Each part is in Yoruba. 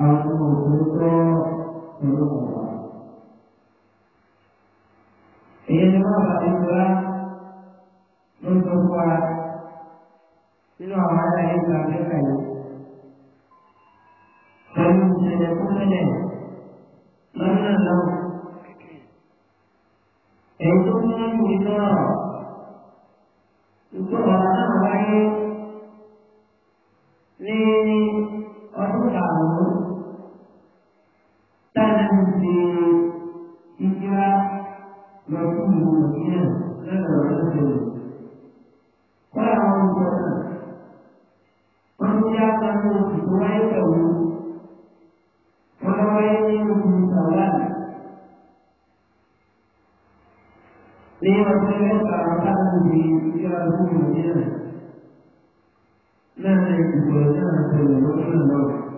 အာဟုသုတောဘုရားေနမဘာတိကဘုသောဘာဒီလိုအားလည်းကံပြည့်တယ်ဆံစေပုဒ်နဲ့မနလောအေတုနိဝိနောဒီကောဟာဝိပြီးတရားမှုကိုကျင့်တယ်။နာမည်ကိုသာသနာ့ဘုရားတော်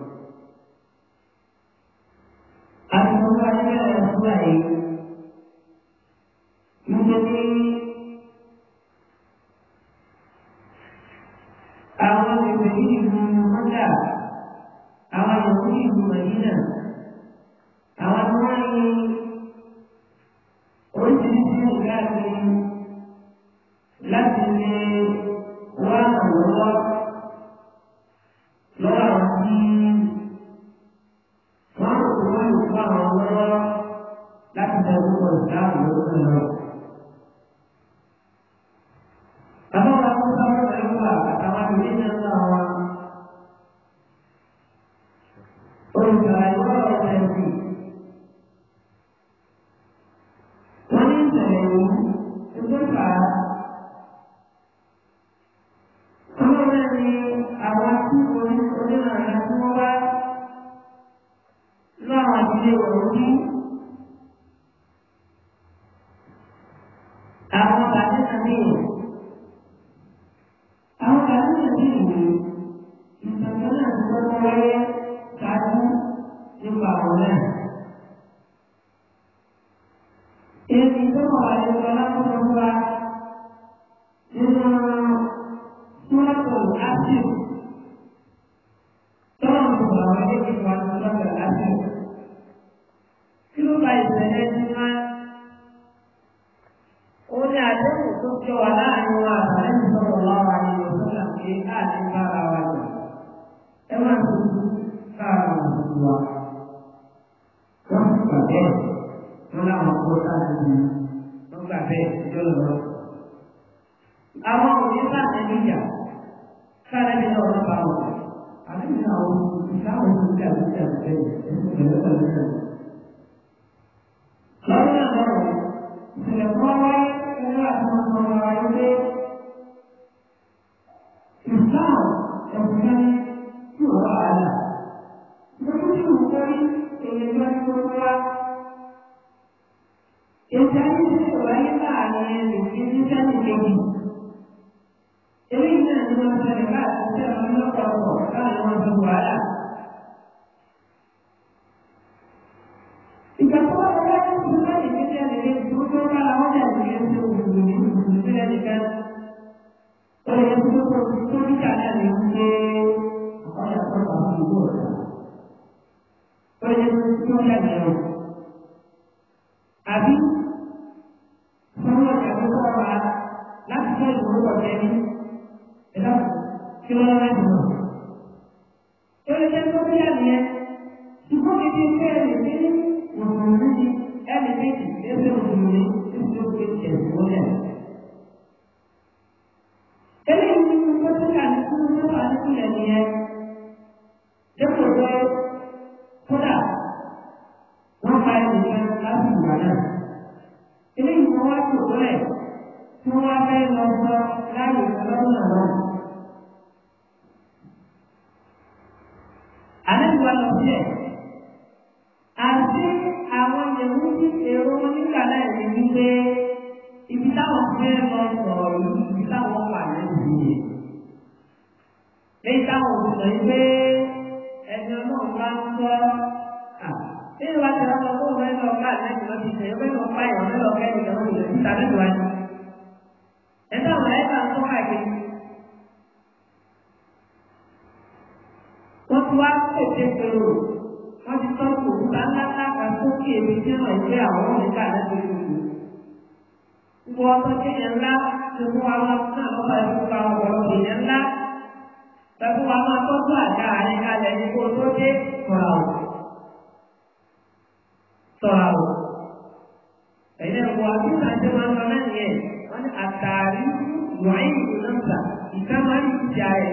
ပုံစံတော့တယ်ဒီဝိဉ္ဇဉ်ကိုသိက္ခာသမဏေအဝတ်ကိုကိုယ်နဲ့နာမည်ကိုပါလာဒီလိုဒီတော့ဗာပဲပြောလို့အမောဒီကနေဒီကခါရတဲ့တော့ပါဘူးအဲ့ဒီတော့ဒီကဘယ်လိုကြည့်ကြတယ်ဘယ်လိုလဲခေါင်းကတော့ဒီလိုပေါ်လာတဲ့ကမှမလာရတဲ့ဒီကောင်အမှန်ကျူလာတယ်ဘယ်လိုလုပ်လဲဒီလိုပေါ်လာ Eutanasia kuwaita anayeni kizisa nikeni. Ewe ina nima sarika kusema mwana kwa kwa kala mwana kwa ala. Ikakuwa kwa kusema nikete ya nile kuto kala hoja nile kumbuni kumbuni ya nika. Ole ya kuto kwa kuto nika na nike. Kwa ya kwa kwa kwa kwa kwa kwa kwa kwa kwa kwa kwa kwa Hum. fẹ́ lọ sọ̀rọ̀ yìí táwọn wà lẹ́yìn yìí. Lẹ́yìn táwọn òbí sọ pé ẹni ọlọ́run bá ń gbọ́. Ṣé ìwà ti lọ́sọ fún òun ẹ̀rọ ọ̀gá àtẹ́jú lọ́sí ìṣẹ̀ yóò fẹ́ lọ pa ìwọ̀n mẹ́lọ kẹ́ni lọ́wọ́ ìlú ìta mẹ́lọ wáyé. Ẹ táwọn ẹ̀ bá ń tọ́ káàkiri. Wọ́n ti wá pèsè pèrò. Wọ́n ti tọ́jú òkúta ńláńlá kan sókè èmi tí wọ́n ìgbé àwọn òǹkà lẹ́sẹ̀ ìlú. Muwasafi ńlá ti mú àwọn náà wọ́n bá yẹ kó àwọn ọ̀rọ̀ ìyẹn ńlá. Tẹ̀kú wa máa tọ́jú àga àárín kalẹ̀ ní kó tó dé sọ̀rọ̀ àwò. Sọ̀rọ̀ àwò. Ẹ̀yẹ́ ìwọ àbíkà ṣe máa ń lọ náà nìyẹn. Wọ́n ní àtàrí ìwọ̀nyí ìlú náà gbà ìka máa ń ti jà ẹ̀.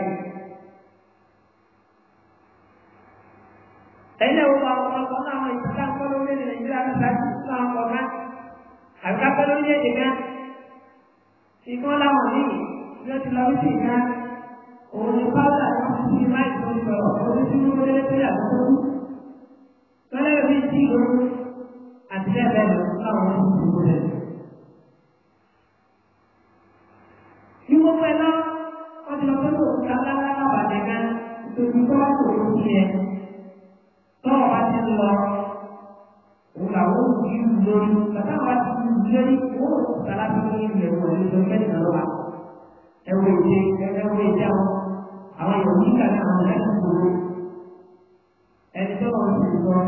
Ẹ̀yẹ́ ìwọ àwọn ọmọ ọmọ àwọn ìtàkùn ọlọ́mọdé Nàìjíríà ti Àgbàpẹ́ lórílẹ̀-èdè kan, ìkan láwọn míì bí wọ́n ti lọ sí ìkan, òun ni pàwọ́dà tó ń fi máìkì tó ń sọ̀rọ̀, òun ti mú lórí pé àkókò kú. Tọ́lẹ́ mi ti lò ó àti bẹ́ẹ̀ bẹ́ẹ̀ lọ láwọn ọmọ ìlú ìlú rẹ̀. Bí gbogbo ẹ̀ lọ, wọ́n ti lọ pé kò sí alágbára bàjẹ́ kan, ìtòkùn tó wá kò tó ti yẹ. Tọ́wọ́ bá ti lọ, òun làwọn ò bàtà wà ti lérí owó kàlá tó ní ilẹ̀ wọ̀ ní ọjọ́ mẹ́ta lọ wa ẹwọ ìdè ẹwọ ìdè àwọn àwọn ìròyìn kàlẹ́ àwọn ẹ̀sìn gbogbo ẹni tó lọ sí ìgbọ́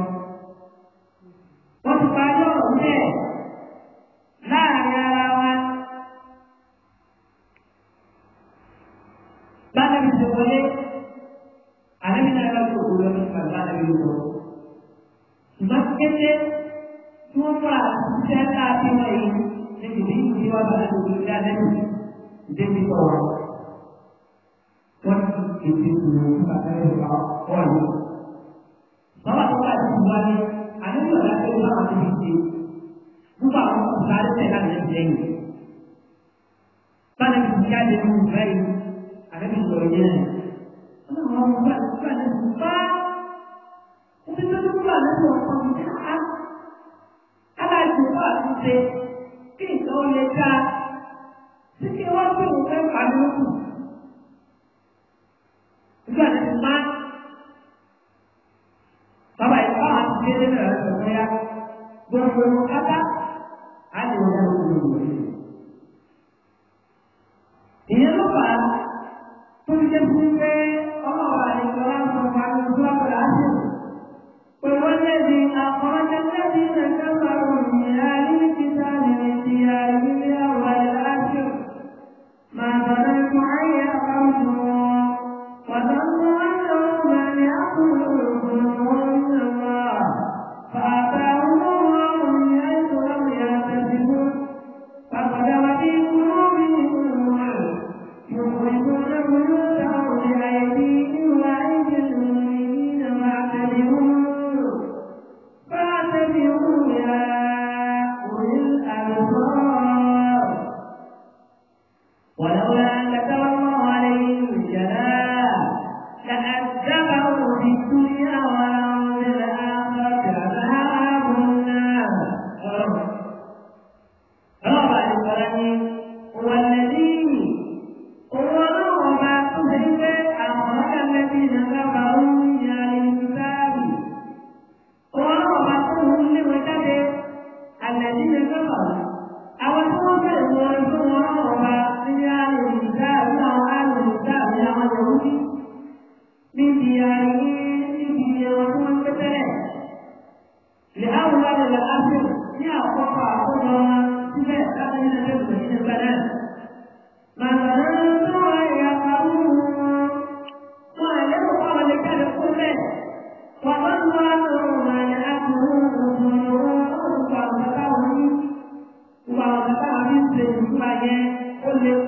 mùsùlùmí àdẹ́bí débi sọ̀rọ̀ wọ́n ti ètò ìṣòro nípa tẹ́lẹ̀ nípa ọ̀rọ̀. Bàbá tó bá ti wá ní àdéhùn ọ̀la tó bá wà níbi ìṣe nípa àwọn ọ̀sán àdéhùn ẹ̀ka lè jẹ́ yìí. Báyọ̀ ti já lé nínú ìfẹ́ yìí àdéhùn ìṣòro yẹn rẹ̀. Wọ́n náà wọ́n mú bá ní bá ó ti tó tó wà lẹ́nu ọ̀sán mi ká. Aláìsí wà ti ṣe kí ìtọ́ ó lè dáa kíkẹ́ wá pé òun fẹ́ pa ní lókù nígbà tí mo máa bàbá yìí bá àti délé náà rẹ̀ sọ̀rọ̀ ya gbogbo wọn pátá á lè wọ́n lọ́wọ́ sí ìlú ìyẹn ló fà á tó fi jẹ́ fún pé يعني في وكما كتلت لأول الأخر يا قطع قطع سبات أغنى جبل من البنات ما ظننت يا قوم وأنا قال لك القرآن وظنوا ما يأكلون وقالوا فتاوني وقالوا فتاوني سيدي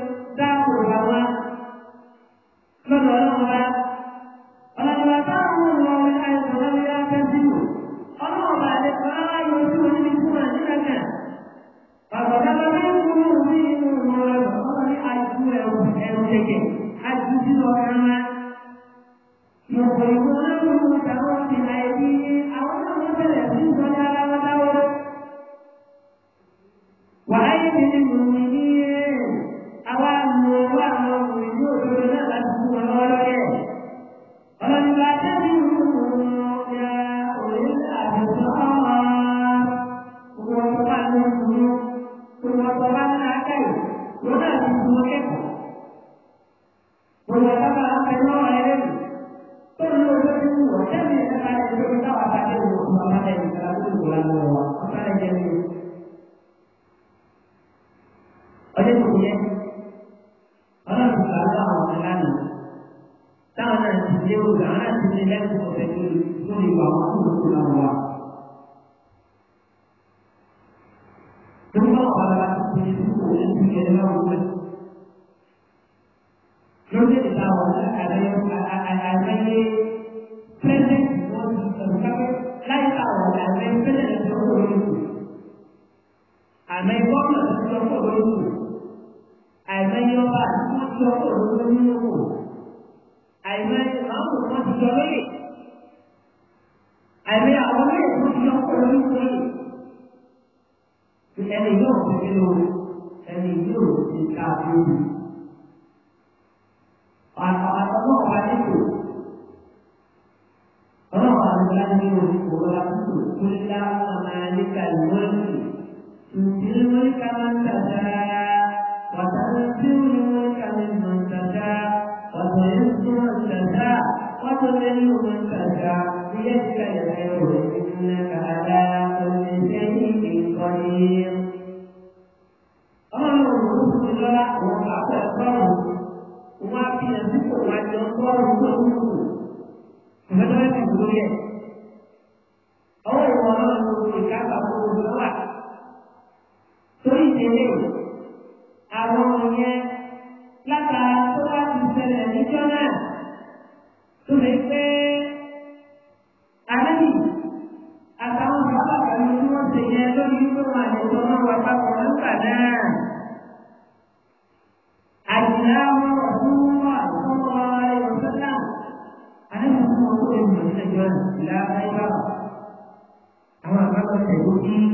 ọjọ́ tó kù yẹn ọlọ́run gbà láwọn ọ̀nà lánàá táwọn náà ti lé wò láwọn náà ti lé lẹ́kùn ọ̀fẹ́ tó tó lè wà wọ́n tó kù láwọn wa. Dúró náà wà láti fi ìdúró ní ìdílé náà wò lẹ́. Lórí ìta wà ní àlẹ́ àlẹ́ pẹ́lẹ́ ìwọ́n ti sọ̀rọ̀ kápẹ́ láì táwọn àlẹ́ pẹ́lẹ́ ìwọ́n tó lórí kù. Àmẹ́ ìwọ́n náà ti sọ̀rọ̀ lórí kù. àìmọye ọba àti wọn ti ọkọ òdodo nínú wò àìmọye ìmáàmù wọn ti yọ lóye àìmọye àwọn olóyè wọn ti ọkọ òdodo nínú lóye ẹni yóò fi nínú ẹni yóò fi ká lóye ọ̀nà ọ̀nà ọba nínú ọ̀nà ọba nínú ọba nínú kúlá ọmọ alẹ́ kàlùmọ́ọ̀nì tùtù mọ́lẹ́kà máa ń tàdára. وتنزل من تشاء وتعز من تشاء وتذل من تشاء بيدك الخير انك على كل شيء قدير ọlọ́run ló fún mi lọ́la òun bá pẹ̀ sọ́run òun á fi hàn sípò wájú ọgọ́rùn-ún tó ń kù ìfẹ́tọ́lẹ́sì lórí ẹ̀ Putin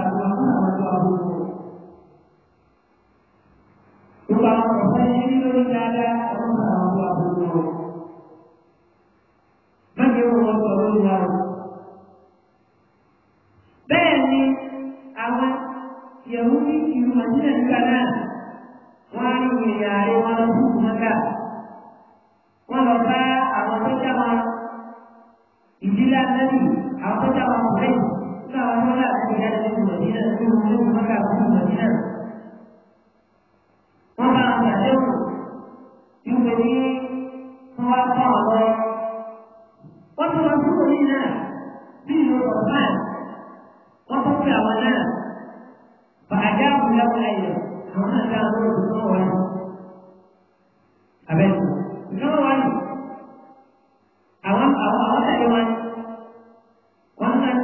ìdílé àtẹ́lì àwọn tó jábọ̀ ọ̀rẹ́ yìí. náà àwọn tó láti gbé jáde nínú mọ̀dínà tí wọ́n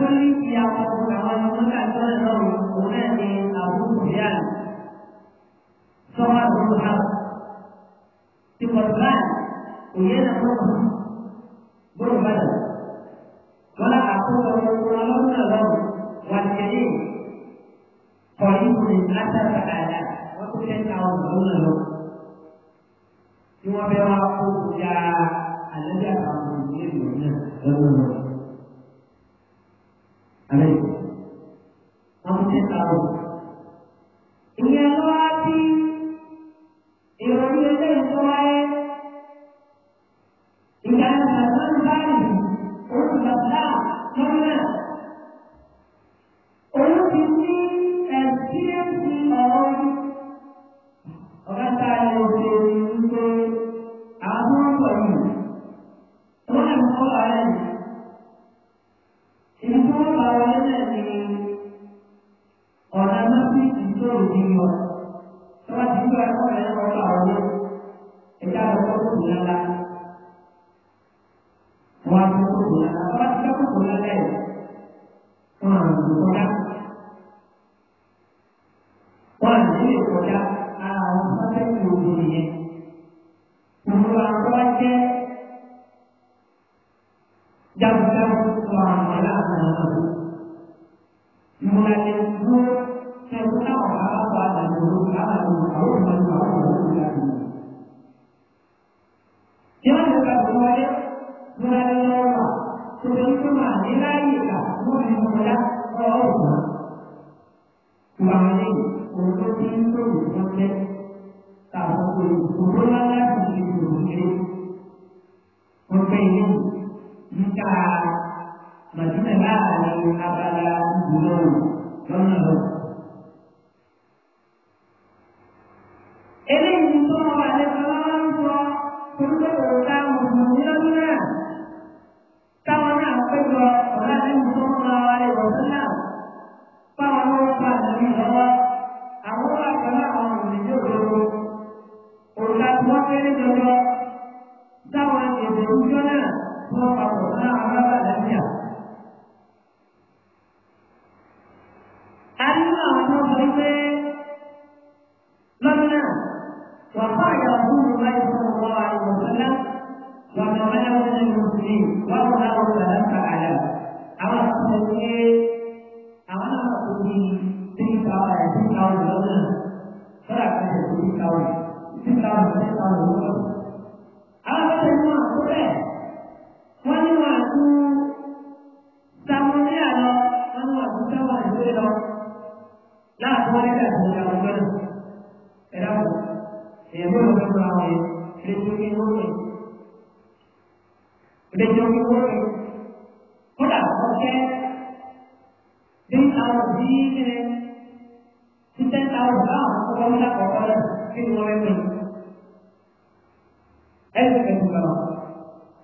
wani siyawa ko kawo ni wọ́n kà sọ́nà náà òun náà ni àwọn òṣìṣẹ́ sọ́wọ́ àdúgbò náà ti pọ̀ báyìí kò yẹ na mọ́ gbọ́dọ̀ bàdà wọ́n á àkókò wọn lọ́nà lọ́wọ́ wà kẹ́lẹ́ kọ̀ nínú ní látàkà àyà wọ́n tó kẹ́kẹ́ àwọn lọ́nà lọ́wọ́ tí wọ́n bẹ wá kó ya àlejò àwọn òṣìṣẹ́ ìlú náà lọ́nà lọ́wọ́. Amén. Vamos a Maka Madinah adalah abad bulan, bulan ရတဲ့ဘုရားတော်ကအဲ့တော့ဒီဘုရားတော်ကဒီလိုမျိုးနဲ့ဒီလိုမျိုးနဲ့ဘုရားဟုတ်တယ်ဒီအာဒီနဲ့စစ်တဲ့အာကဘုရားတော်ကဒီလိုမျိုးအဲ့ဒီကတော့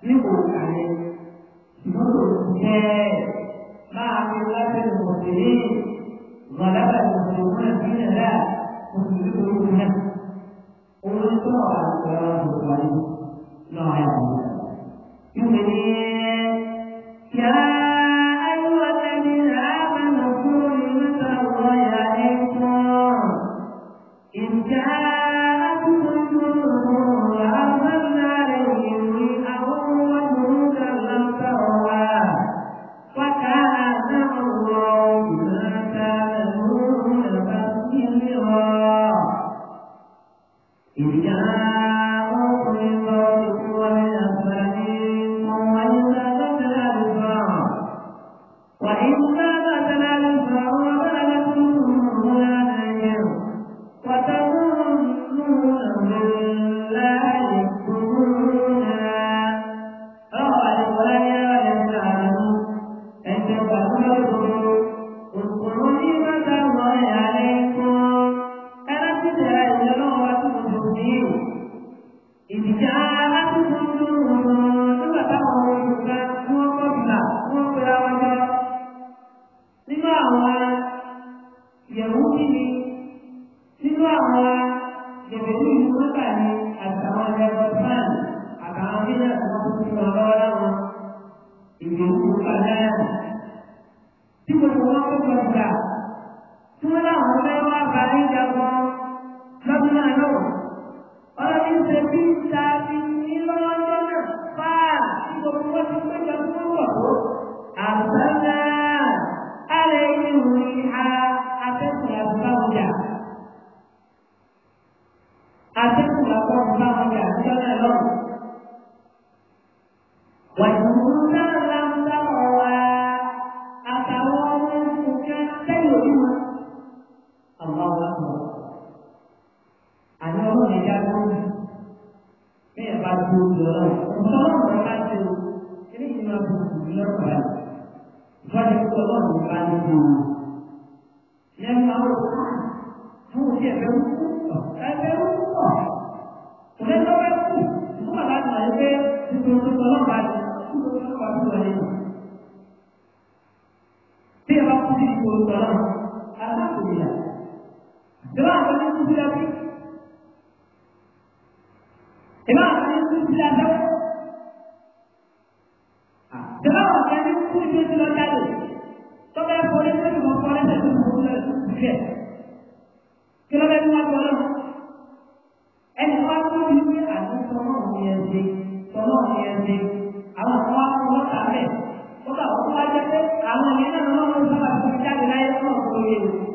ဒီဘုရားနဲ့ဘုရားရဲ့မာမီလာတဲ့ဘုရား غلب المسلمون دين الله مسلمون النفس قولوا سرعة القرآن الكريم لا يعلم يؤمنين هذا هو الله تعالى لأن أمر القرآن هو شيء بيوقف بيوقف ولما بيوقف ثم بعد ما يبقى يقول الله بعد Dia waktu di sepuluh tahun, alhamdulillah. Jelas kami itu sudah di. Jelas kami itu sudah tahu. Jelas kami ဖြစ်သလားကြားလို့တော့ဒါပေါ်နေတဲ့ဘုရားပေါ်နေတဲ့ဘုရားဖြစ်ကျလာတယ်မှာပေါ်လာအဲ့ဒီဘာလို့ဒီလိုအားလုံးတော့ဟိုရဲ့စိတ်တော့ဟိုရဲ့စိတ်အမှန်တော့ဘုရားတာလေဘုရားဘုရားကျတဲ့အာမေနနော်ဘုရားကျတဲ့နိုင်တော့ဘုရား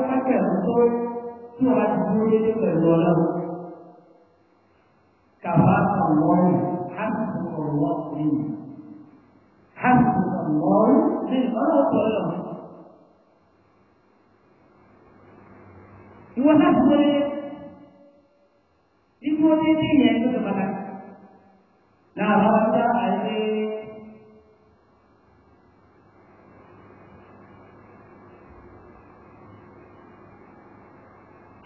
pé kákẹ́ ẹ̀rọ tó tí wọ́n bá ti dúró dédé pẹ̀lú ọlọ́run kàfá àwọ̀rùn hàtùkù ọ̀wọ́ lẹ́yìn hàtùkù ọ̀wọ́rùn lẹ́yìn ọlọ́run tó lọ́rùn. ìwọ náà dúró dédé dúró dédé yẹn ló ti pàtàkì. láàárọ̀ ọjọ́ àìsí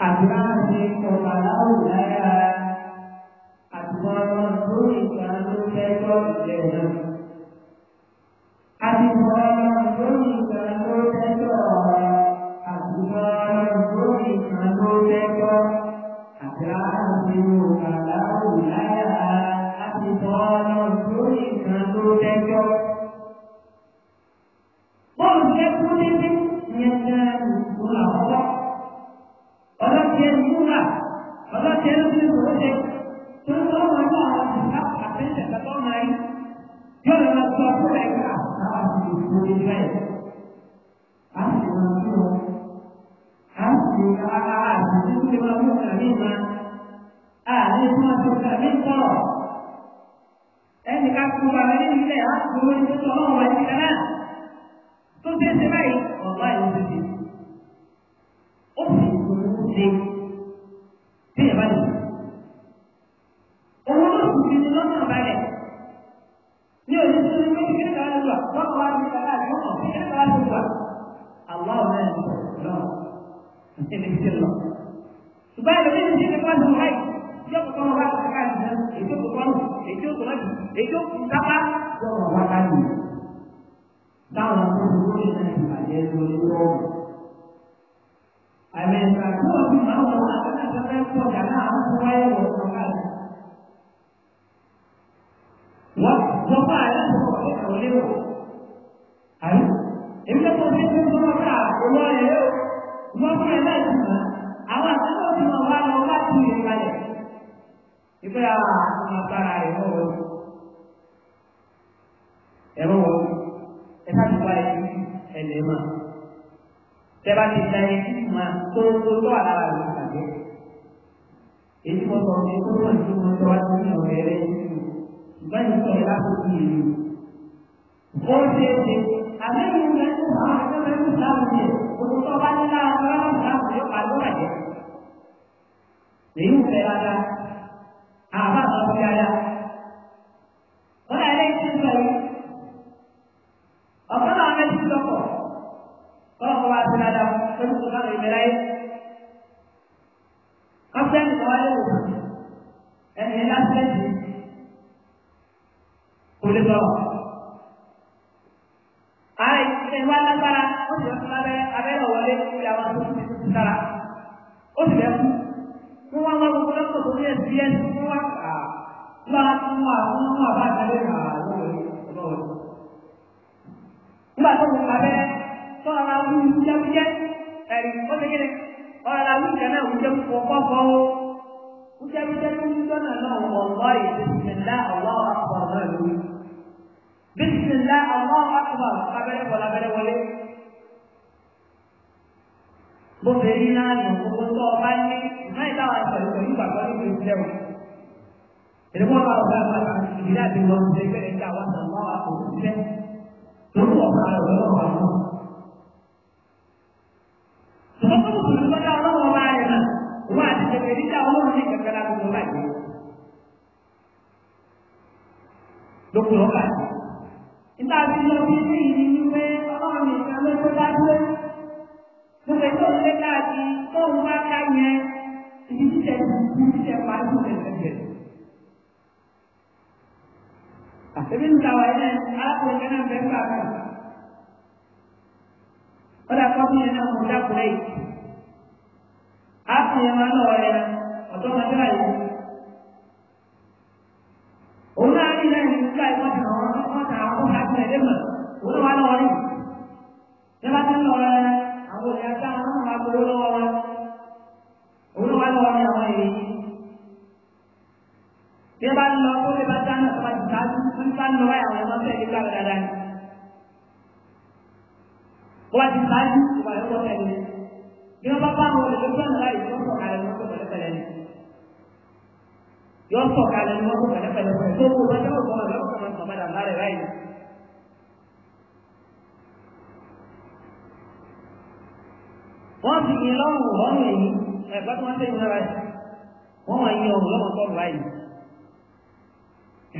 Abraham ọba láwùlá àtùmọ̀ ọlọ́run tó nìkan ló fẹ́jọ́ ìjẹ́ náà. Àtùmọ̀ ọlọ́run tó nìkan ló fẹ́jọ́ àtùmọ̀ ọlọ́run tó nìkan ló fẹ́jọ́ Abraham ọba láwùlá àtùmọ̀ ọlọ́run tó nìkan ló fẹ́jọ́. nǹkan àwọn ẹni nílẹ̀ á kú lórí ṣe é ṣe ẹ̀ lè òun ní lọ́nà ní òní tó ní èyí tó tọ́lù èyí tó tọ́lù èyí tó kù lọ́wọ́ wá láyé táwọn tó lórí náà ìbàjẹ́ lórí lọ́wọ́. àmì tó o fi máa wọ akẹ́kọ̀ọ́ pọ̀ jà náà ń fún wáyé wọ̀ sọ́kàlì. wọ́n wọ́n bá àyè sọ̀rọ̀ ẹ̀kọ́ léwọ̀. àyè èmi lọ́kọ̀ọ́ fi ń tún lọ́wọ́ náà olóyè wọ́n fún ẹ̀ láì sùn àwọn àti ìpè àwọn àwọn agbára rẹ̀ wọ́n wọ́n ẹ̀rọ wọ́n ẹ sáà ti wá ẹ̀yìn ẹ̀lẹ́ mà tẹ́lá ti da ẹni tí mà tó tó tó wà lára rẹ̀ tàbí èyí mo sọ pé tó wà tó wọn lọ́wọ́ tó ní ọ̀rẹ́ rẹ̀ ṣùgbọ́n ìsọ̀ ẹ̀ láti fi èyí ó ṣe é ṣe àbẹ́ mi ń lẹ́nu àwọn akẹ́kọ̀ọ́ ẹ̀kọ́ ìlànà yẹn òṣìṣẹ́ ọba nílá ọba láti láti yọ àlọ́ àjẹ́ èyí ń fẹ́ rárá apa kalau percaya? sábà lábẹ́rẹ́ bọ̀ lábẹ́rẹ́ wọlé bó ṣe rí náà nù gbogbo tó o ní ìmọ̀ ìdáwà pẹ̀lú pẹ̀lú ìgbàgbọ́ ní ìlú ìjẹun ìdíwọ́ bá ọ̀gá àgbàgbà ìdílé àti ìwọ̀n ṣe gbẹ̀rẹ̀ ní àwọn àtàwọn àwọn àwọn. ṣùgbọ́n tó kù tó dá ọlọ́wọ́ rẹ̀ wọ́n àti kẹ̀kẹ́ níjà ọlọ́run nígbà tí mo fi sí ìlú wípé ọlọ́run nìkan ló tó dájú mo fẹ́ tó lé káàdì tó ń bá ká yẹn ìdí títẹ̀ ìdí títẹ̀ pàdé ìdẹ̀tẹ̀tẹ̀. àtẹ̀bí ń ta wáyé alákùnrin kan náà fẹ́ gbà mọ́ ó dà kọ́ fún yẹn náà mo dákúrẹ́ yìí alákùnrin yẹn máa lọ́wọ́ yẹn ọ̀dọ́ ọmọdé wà yìí òun náà rí náà ní ká ẹ̀kọ́ náà မြတ်တန်တော်လည်းအဘိုးရတာမမဘုရားတော်လည်းဘုရားတော်လည်းဟောနေဒီဘာလို့ကိုယ်ကတန်းသမတ်သာသူစံတန်လို့ရအောင်မဆက်ကြည့်ကြတာတိုင်းဘောဒီဆိုင်ဘာလို့လဲဒီဘာပါလို့လူစံလိုက်ဘုရားကလည်းမဟုတ်ဘူးလည်း yóò sọ̀kalẹ̀ ní wọ́n kó kẹ̀lẹ́ pẹ̀lú pẹ̀lú tó kó bá jẹ́ òkú ọ̀rẹ́ ọ̀kan máa ń sọ̀mọ́dà lára ẹ̀ báyìí. wọ́n fi ìlọ́run lọ́rùn èyí ẹ̀gbọ́n tí wọ́n tẹ̀yìn lára ẹ̀ wọ́n máa yin ọ̀run lọ́mọ tọ́lù báyìí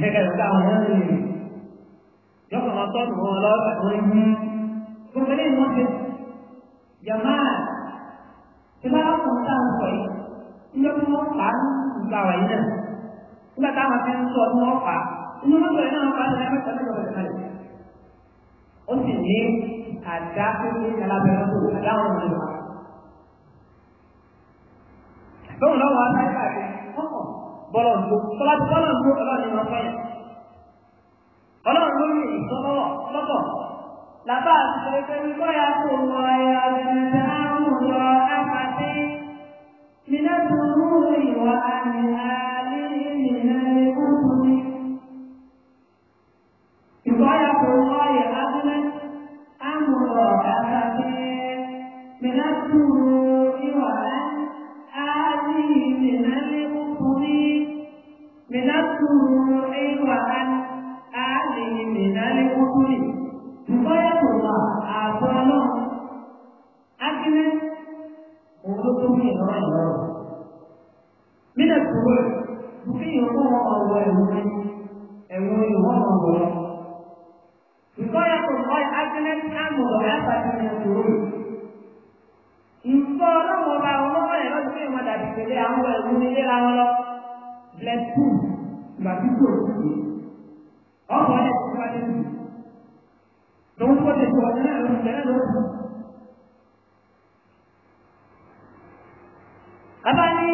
ẹ̀ka ìgbà àwọn ọ̀rẹ́ rẹ̀ yọkọ̀ máa tọ́lù wọn lọ́wọ́ àwọn ẹ̀yìn gbogbo eléyìí wọ́n ti jamaa tí bá wà fún táwọn sọ yìí níjọ́ tí wọ́n fà á nígbà wà yìí náà nígbà táwọn fi ń sọ tí wọ́n fà á inú wọn sọ yìí náà fà á nígbà tí wọ́n fà á ó sì ní àdá pé kí alábẹ́rẹ́ tó àdá wọn lọ́wọ́ gbó tọ́lá ti tọ́lá gbó ọlọ́run ní ọkọ yẹn ọlọ́run ló ní ìtọ́lọ́wọ́ lọ́tọ̀ làbá àtúnṣe pé nígbà yà kó wọ ẹ̀yà ìrìnàjò àrùn lọ àpàtì nínú ìwà àmì àrùn. ìgbà tí kò sí ìdí ọkọ̀ ọ̀lẹ́ tó wá lé nìyí tòun tó lè sọ ọ̀lẹ́ náà lọ́sẹ̀ náà lọ́sẹ̀. abáni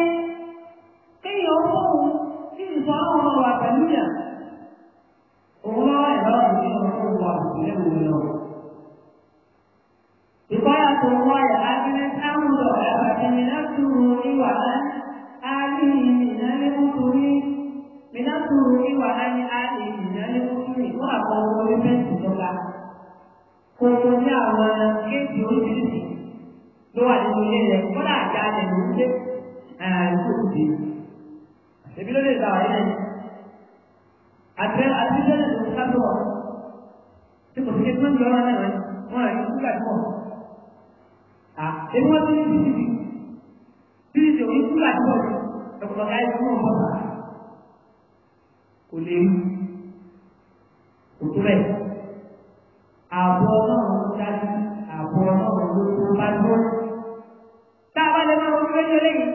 kéèyàn owó tí ìsọ àwọn ọmọ wa pẹ̀lú yà òun lọ́wọ́ ẹ̀rọ ìdí ọmọ tó wà nílẹ̀ òun lọ. ìpáyà tó ń wáyà á ti ní sáwọn ọ̀rẹ́ àti ìnáṣùrù ìwà á á ní ìnáléwó torí. Binafsuhi wa ani alihi yani musumi wa akọ̀wọ́ ní fẹ́ǹsì lọ́la. Kò tó ní àwọn kéèkì oríṣiríṣi ló wà nínú ilé rẹ̀ kọ́lá àga rẹ̀ ló ń gbé àìsí òde. Èmi ló lè gbà wáyé rẹ̀. Àtẹ àtijọ́ lè lọ sábọ̀. Ṣé kò sí kí wọ́n ti lọ́wọ́ náà rẹ̀? Wọ́n rẹ̀ ní kúkà tó wọ̀. À èmi wọ́n ti ní bíbí bíbí bíbí òní kúkà tó wọ̀. Ẹ̀kọ́ kò lè mú òtún rẹ̀ àbọ̀ ọlọ́run ló dájú àbọ̀ ọlọ́run ló tó bá dúró tá a bá lè máa wọ́n fẹ́ẹ́ lẹ́yìn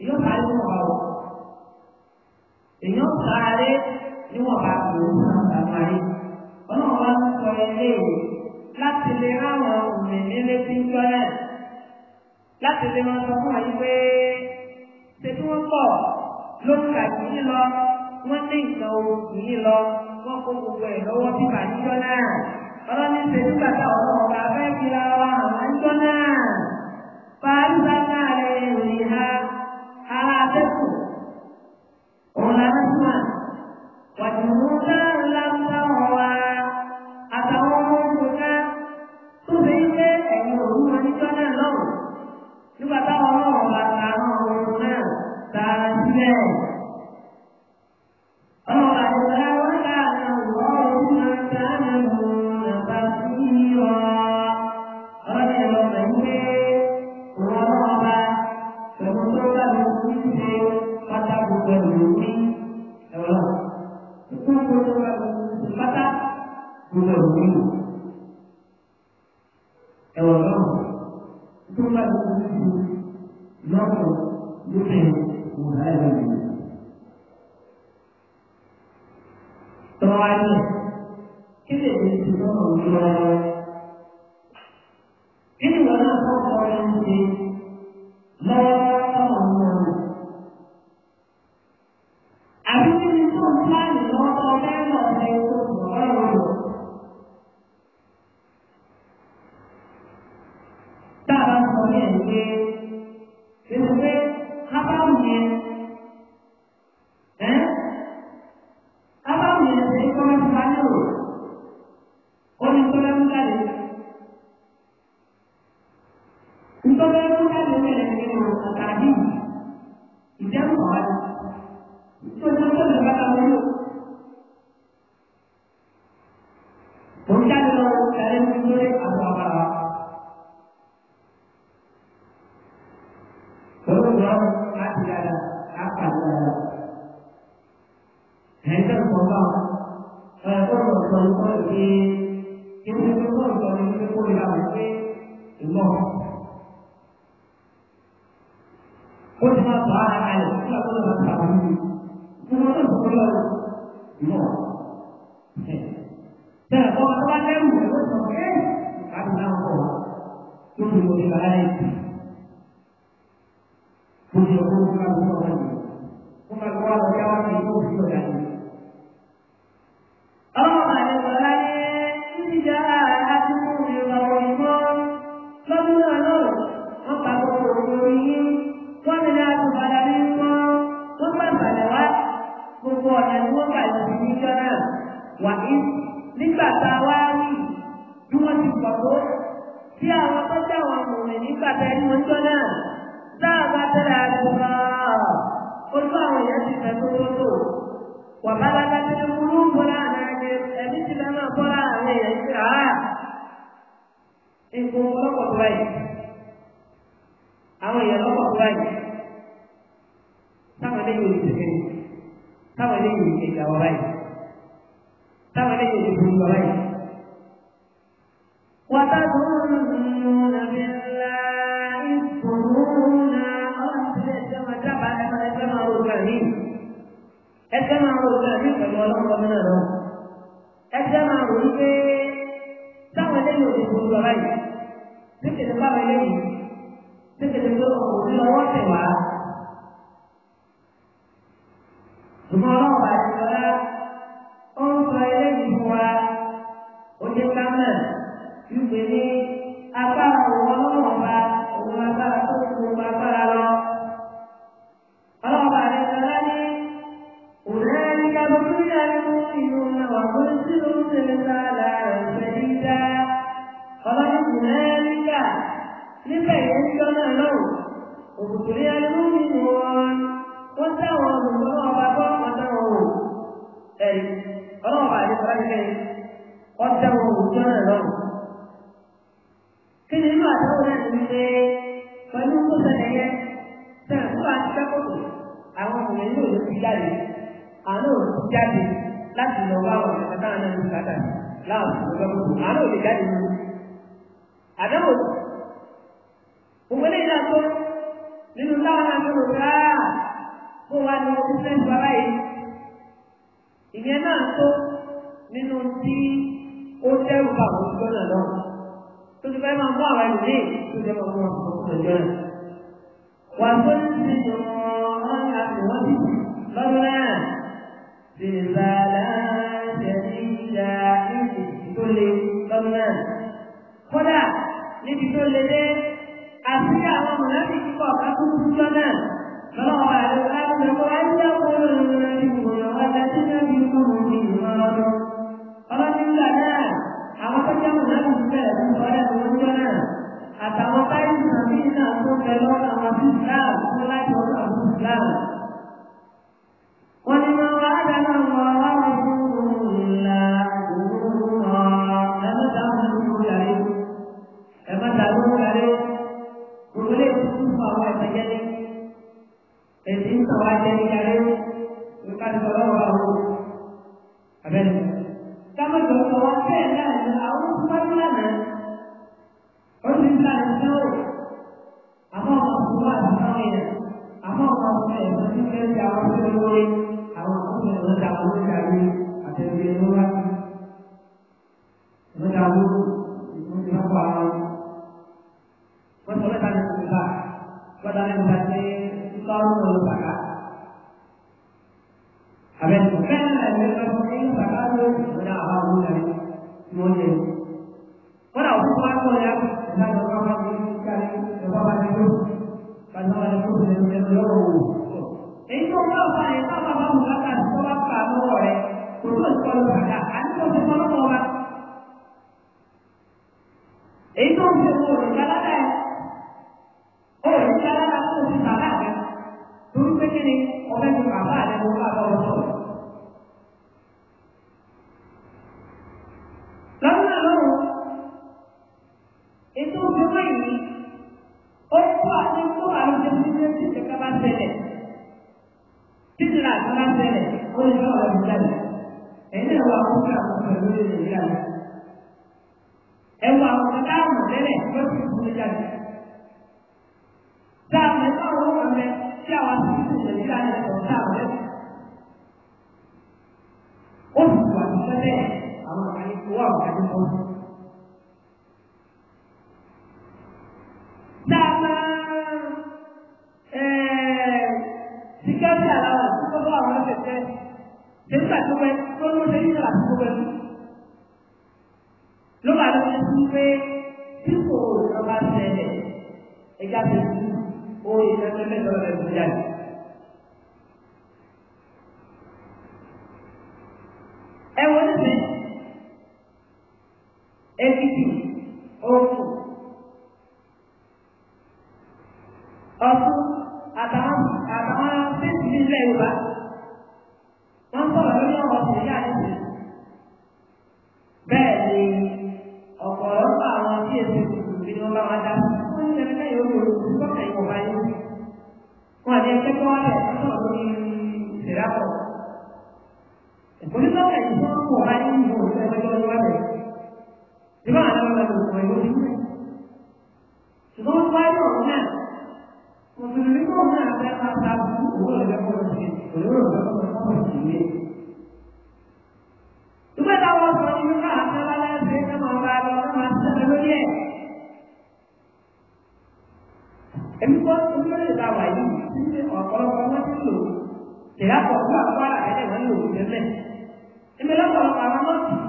èyí ọ̀pá ló wọ̀ bá wọ̀ èyí ọ̀pá rẹ̀ ni wọ́n bá lò ó náà bàbá rẹ̀ ọlọ́run wá ń sọ ilé ìwé láti lè ráwọn òmìnir létí ń jọ náà láti lè máa sọ fún wọn yìí pé ṣe bí wọ́n pọ̀ ló ń kà sí lọ. wọ́n ní nǹkan oṣù yìí lọ wọ́n kó gbogbo ẹ̀ lọ́wọ́ bíbà níjọ́ náà ọlọ́ni ṣe nígbà táwọn náà တော်ဘာလို့ဒီဒီလိုတော့တော်တော်ကိုလာတယ်ဒီမောဘုရားဘာသာအဲ့ဒါကိုတော့ဘာသာဘူးဒီလိုတော့ဘုရားမောတဲ့တော့ဘာသာလဲဘုရားဘာသာကိုသူတို့ကလည်း nígbà tẹ ẹni wọn jọ náà sáà bá tẹ̀lé àdúrà ojú àwọn èèyàn ti fẹ́ tó lódò wà bá dáadáa ti ní burú bọ́lá àdáyé ẹ̀mí ti fẹ́ máa bọ́lá àwọn èèyàn ti rà á. Ìgbò lọ́pọ̀ tó báyìí. Àwọn èèyàn lọ́pọ̀ tó báyìí. Táwọn eléyìí ò lè ṣe táwọn eléyìí ò lè gbà wọ́n báyìí. Táwọn eléyìí ò lè burú bọ́ báyìí. Wàtá tó ń mú nàbí 这家嘛，我准备怎么弄？怎么弄？这家嘛，我准备上回那有几桌饭，这个是上回那几，这个是都我这个外甥嘛。怎么弄？把这个安排了一桌饭，我请他们去吃呢。Àdáwò, òun eléyìí náà tó nínú táwọn agbèrò ráà ah, kó wá ní bísíǹsì bàbá yìí ìyẹn náà tó nínú tí ó dẹ́rù bá àwọn ìjọ náà lọ tó ti fẹ́ máa mú àwọn ẹlòmíì tó jẹ́ máa mú àwọn ìjọ náà. wà tó ń ti dùn ọ́n àti wọ́n ti lọ́dún náà bìbàlá jẹ̀dí ìjà ìlú tó le lọ́dún náà. kódà níbi tó le dé àti àwọn mọ̀lẹ́bí kíkọ̀ kan tó kú jọ náà lọ́wọ́ àdúgbò àdúgbò wáyé ọkọ̀ olóore ìwòyàn ọjà tí wọ́n fi kú mọ̀ ní ìmọ̀ ọdún. ọlọ́dún nígbà náà àwọn tó jẹ́ mọ̀lẹ́bí bíbẹ̀ ní ọ̀rẹ́ tó ń jọ náà àtàwọn táyì sàmì náà tó bẹ lọ́wọ́ àwọn bíi islam tó láti ọ̀dọ̀ àwọn islam. wọ́n ní တယ်ဝိကတ်တော်ဘာဟုအဲ့ဒါတမတော်တော်ဆဲ့တဲ့အောင်မှတ်လာတယ်ဘုရင်ကလည်းပြောအမောကဘုရားဆောင်းနေအမောကဘုရားသတိနဲ့ကြောက်တယ်လို့အမောကဘုရားကြောက်လို့ကြာပြီးအတေပြေလို့ကမကြောက်ဘူးဘုရားပါဘုရားလည်းတယ်ဘုရားဘာသာနဲ့ဘာသာနဲ့သူကောင်းလို့ပါက Habis bukan yang terpenting satu sudah harus dari mungkin. Kalau bukan saya hendak berkawan dengan cari berkawan itu, kalau ada pun yang terlalu. Ini semua saya tak mahu mengatakan sebab kamu oleh khusus kalau ada anda semua orang. Itu semua kalau ခြင်းဟုတ်သာမန်အဲဒီကပြလာတာသူကဘာလို့ဖြစ်တယ်သစ္စာကိုပဲကိုလိုသိနေတာကိုပဲလောကလုံးသူပဲသူ့ကိုရမစေတယ်အကြပ်ကိုအိုးရတဲ့မဲ့တော်တယ်ကြည့်တို့ကဘာမှမဖြစ်ဘူးသူကတော့ဘာလို့ကအမှန်တရားသိတဲ့မှာပါတော့မှဆက်လို့ရဲ့အမှုပေါ်သူတို့လည်းသာပါလိမ့်ဒီတော့ဘာလို့ဘာမှမဖြစ်လို့တရားပေါ်မှာပါလာတဲ့ဝန်လို့ဒီမဲ့ဒီမဲ့တော့ဘာမှမဖြစ်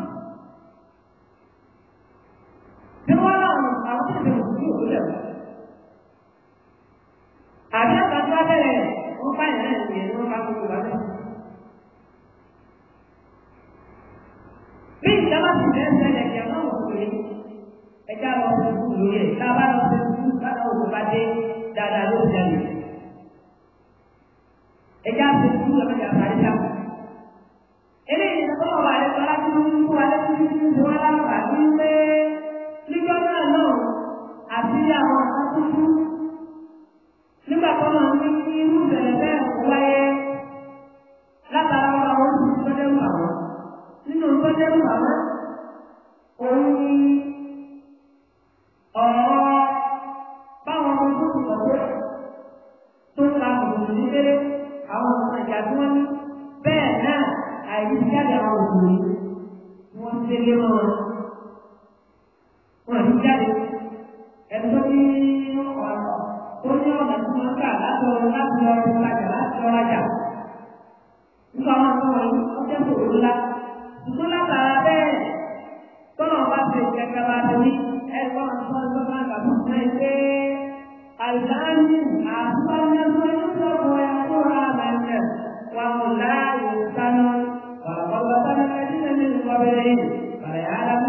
rẹ̀ tá a bá lọ sẹ́nu a lọ wò bá dé dáadáa ló ń jáde. တာလားတော့လားတော့လားကြလားတော့လားကြဒီကောင်ကတော့အကျဉ်းကိုလာဒီကောင်ကလည်းတော့ဘာဖြစ်ကြကြပါသလဲအဲကောင်ဆောဆောကဘုရားရဲ့အလ္လာဟ်အာဖာနဘုရားတော်ကိုရာကိုရာမန်ကဝါမလာယုသန်ဝါဘောဘတန်ကဒီနမီဝဘရိဘာယာလမ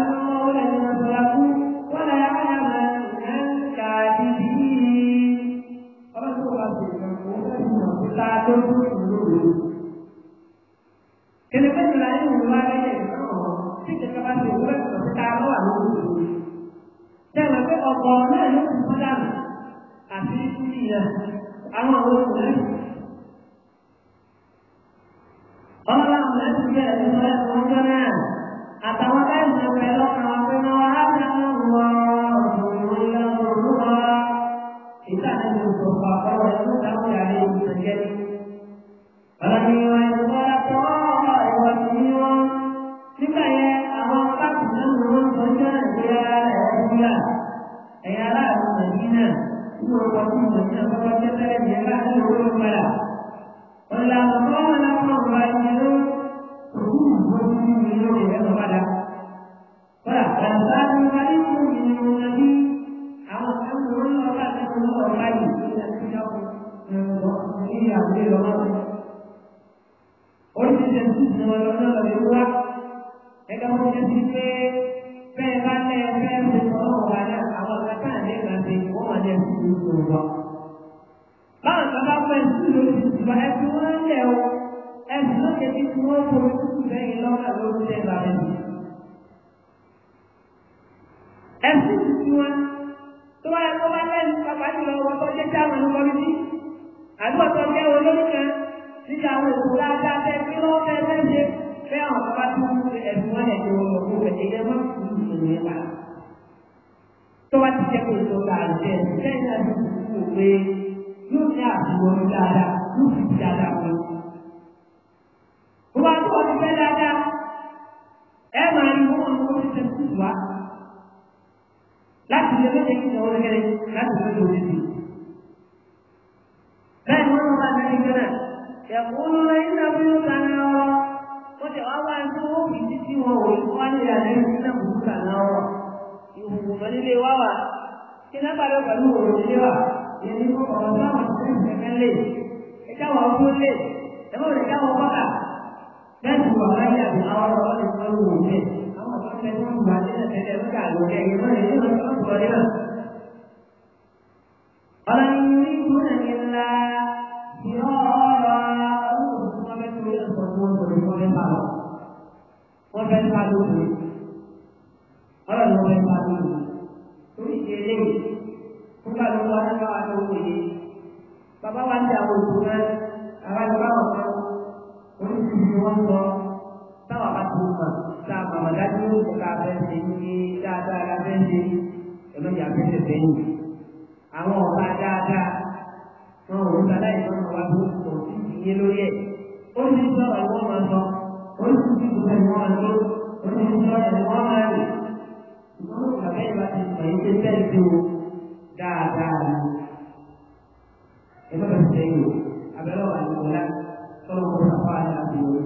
sí pé bẹ́ẹ̀ bá lẹ́ fẹ́ ṣe tọ́lọ́wọ́ wa náà àwọn kátà ní ìgbà tí wọ́n wà lẹ́ sí ìlú wa. báwọn kan bá pẹ́ sí lórí ìjọba ẹ̀gbọ́n rẹ̀ tó ń lọ èyí ẹ má fi ìṣòro yẹn bá. tó bá ti jẹ́ kó tó ta àjẹ́ lẹ́yìn náà ló ti kú pé yóò ní àbúrò dáadáa yóò fi dáadáa wọn. bó bá tó wọn ti fẹ́ dáadáa ẹ máa ní wọn wọn kó ṣe kú wá. láti lè méje kí ìṣòro kẹrẹ láti lè lò lè. bẹ́ẹ̀ ni wọ́n máa ń bá ẹni kẹ́rẹ́ يقولون إن بيوتنا wote wabantu misikiwo wekwanirane nakutukanawo ihukumalile wawa tinabalo kaluwololewa yeniko kawasawatenekale ekawakulule namole kawapaka nantuwakaya awalawalewaluwule ولن يريدون إلا wọ́n fẹ́ sá lóru ọlọ́run wọ́n fẹ́ sá lóru torí ti eléyìí fún bá lọ́wọ́ alága wa ní owó yìí bàbá wa ń dà wọ́n tó náà àwọn àgbà wọn kan oríṣiríṣi wọn sọ táwọn bá tá a màmá dájú ó ká fẹ́ ṣe ní dáadáa la fẹ́ ṣe fẹ́ ṣe sẹ́yìn àwọn ويثبت المرأة وتنسى المرأة ويتسلسل دعاء ẹgbẹ́ bẹ̀rẹ̀ sẹ́yìn abẹ́rẹ́ wà ní ọ̀la tọ́lọ́ kó sáfà ní àbúrò.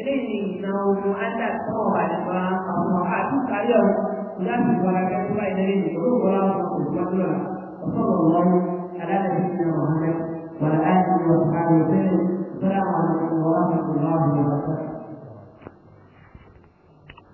eléyìí ìtàn ohun ádá tọ́wọ̀ wà ní wa àwọn àtúntàlẹ́ ọ̀hún kò láti wọ ara kẹ́kọ̀ọ́ báyìí lẹ́yìn ní olóògbé wa wọn kò tó wájú ọ̀la ọ̀sọ̀rọ̀ wọn aláàbẹ̀ sí ní ọ̀hún rẹ̀ wà láti wọ àrùn sẹ́yìn tọ́lá wọn àwọn ọ̀la wọn kò lọ́wọ́